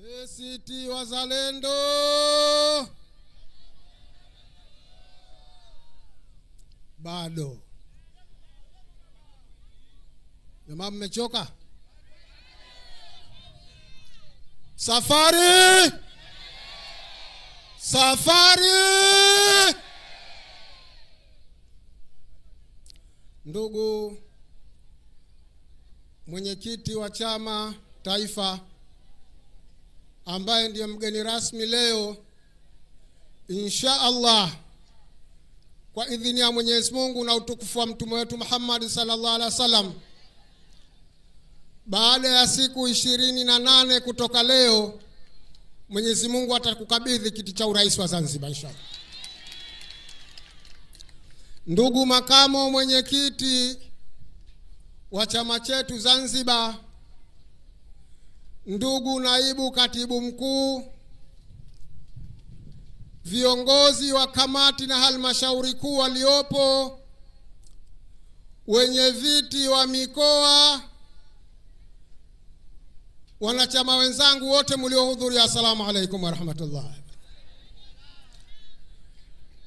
ACT Wazalendo, bado jamaa, mmechoka safari safari. Ndugu mwenyekiti wa chama taifa ambaye ndiye mgeni rasmi leo insha Allah, kwa idhini ya Mwenyezi Mungu na utukufu wa mtume wetu Muhammad sallallahu alaihi wasallam, baada ya siku ishirini na nane kutoka leo Mwenyezi Mungu atakukabidhi kiti cha urais wa Zanzibar inshallah. Ndugu makamo mwenyekiti wa chama chetu Zanzibar ndugu naibu katibu mkuu, viongozi wa kamati na halmashauri kuu waliopo, wenye viti wa mikoa, wanachama wenzangu wote mliohudhuria, assalamu alaikum warahmatullah.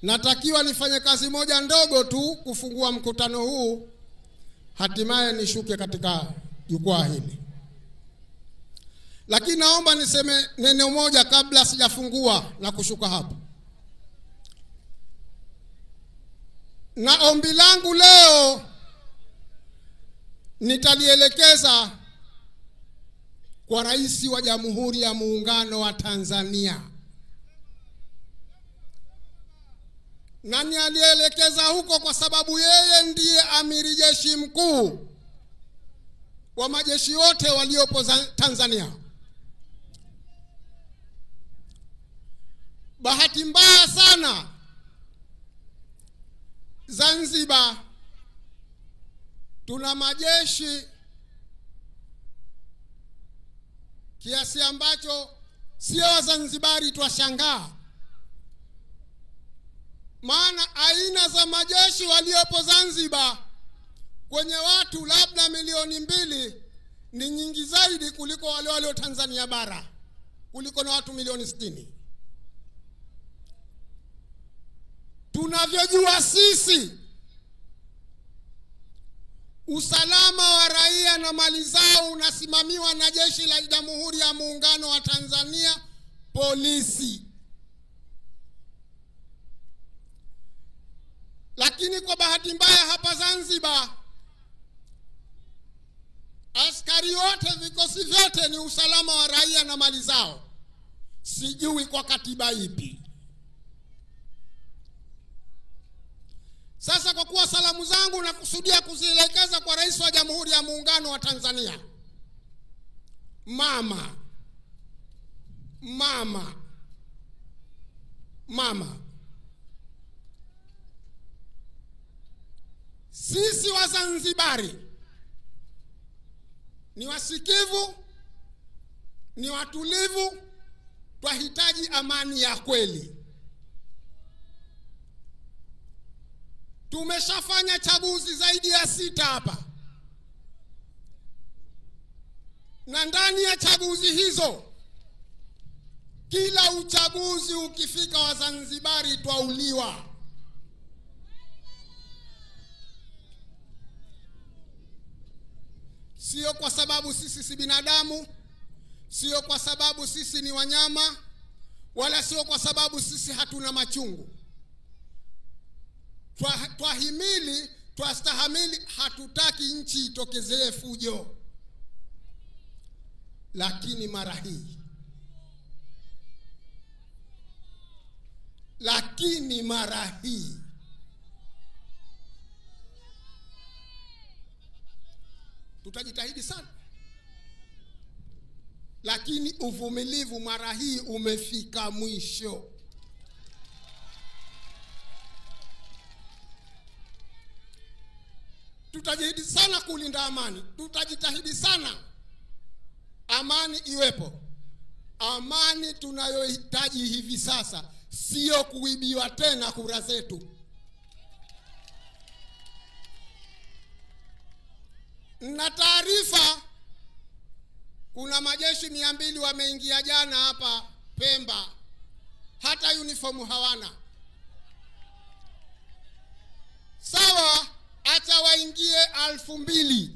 Natakiwa nifanye kazi moja ndogo tu kufungua mkutano huu, hatimaye nishuke katika jukwaa hili. Lakini naomba niseme neno moja kabla sijafungua na kushuka hapa, na ombi langu leo nitalielekeza kwa Rais wa Jamhuri ya Muungano wa Tanzania, na nialielekeza huko kwa sababu yeye ndiye amiri jeshi mkuu wa majeshi yote waliopo Tanzania. Bahati mbaya sana, Zanzibar tuna majeshi kiasi ambacho sio Wazanzibari twashangaa, maana aina za majeshi waliopo Zanzibar kwenye watu labda milioni mbili ni nyingi zaidi kuliko wale walio Tanzania bara, kuliko na watu milioni sitini. Tunavyojua sisi, usalama wa raia na mali zao unasimamiwa na jeshi la Jamhuri ya Muungano wa Tanzania, polisi. Lakini kwa bahati mbaya hapa Zanzibar, askari wote, vikosi vyote ni usalama wa raia na mali zao, sijui kwa katiba ipi Sasa kwa kuwa salamu zangu nakusudia kuzielekeza kwa Rais wa Jamhuri ya Muungano wa Tanzania, mama, mama, mama, sisi Wazanzibari ni wasikivu, ni watulivu, twahitaji amani ya kweli. Tumeshafanya chaguzi zaidi ya sita hapa, na ndani ya chaguzi hizo kila uchaguzi ukifika, Wazanzibari twauliwa. Sio kwa sababu sisi si binadamu, sio kwa sababu sisi ni wanyama, wala sio kwa sababu sisi hatuna machungu twahimili, twastahamili. Hatutaki nchi itokezee fujo, lakini mara hii, lakini mara hii tutajitahidi sana, lakini uvumilivu mara hii umefika mwisho. tutajitahidi sana kulinda amani, tutajitahidi sana amani iwepo. Amani tunayohitaji hivi sasa sio kuibiwa tena kura zetu. Na taarifa kuna majeshi mia mbili wameingia jana hapa Pemba, hata uniform hawana. Sawa, na waingie alfu mbili,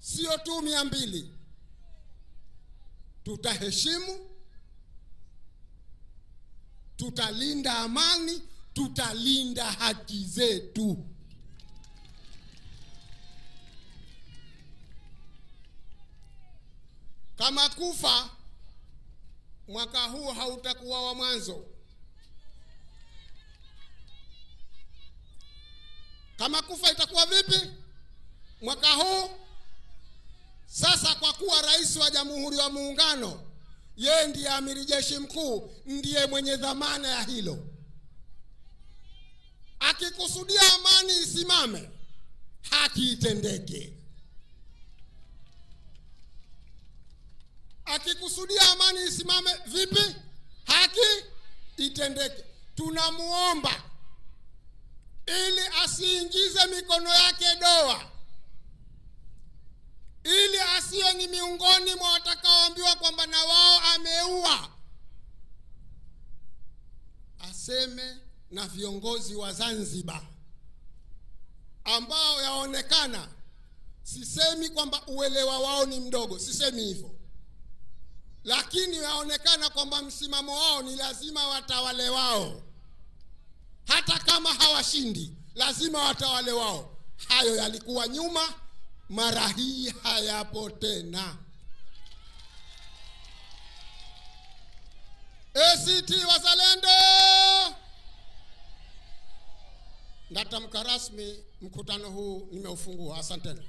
sio tu mia mbili. Tutaheshimu, tutalinda amani, tutalinda haki zetu. Kama kufa mwaka huu hautakuwa wa mwanzo. Kama kufa itakuwa vipi mwaka huu? Sasa kwa kuwa rais wa Jamhuri wa Muungano yeye ndiye amiri jeshi mkuu, ndiye mwenye dhamana ya hilo. Akikusudia amani isimame, haki itendeke. Akikusudia amani isimame, vipi? Haki itendeke. Tunamuomba ili asiingize mikono yake doa, ili asiwe ni miongoni mwa watakaoambiwa kwamba na wao ameua. Aseme na viongozi wa Zanzibar ambao yaonekana, sisemi kwamba uelewa wao ni mdogo, sisemi hivyo, lakini yaonekana kwamba msimamo wao ni lazima watawale wao hata kama hawashindi lazima watawale wao. Hayo yalikuwa nyuma, mara hii hayapo tena. ACT Wazalendo. Natamka rasmi mkutano huu nimeufungua. Asanteni.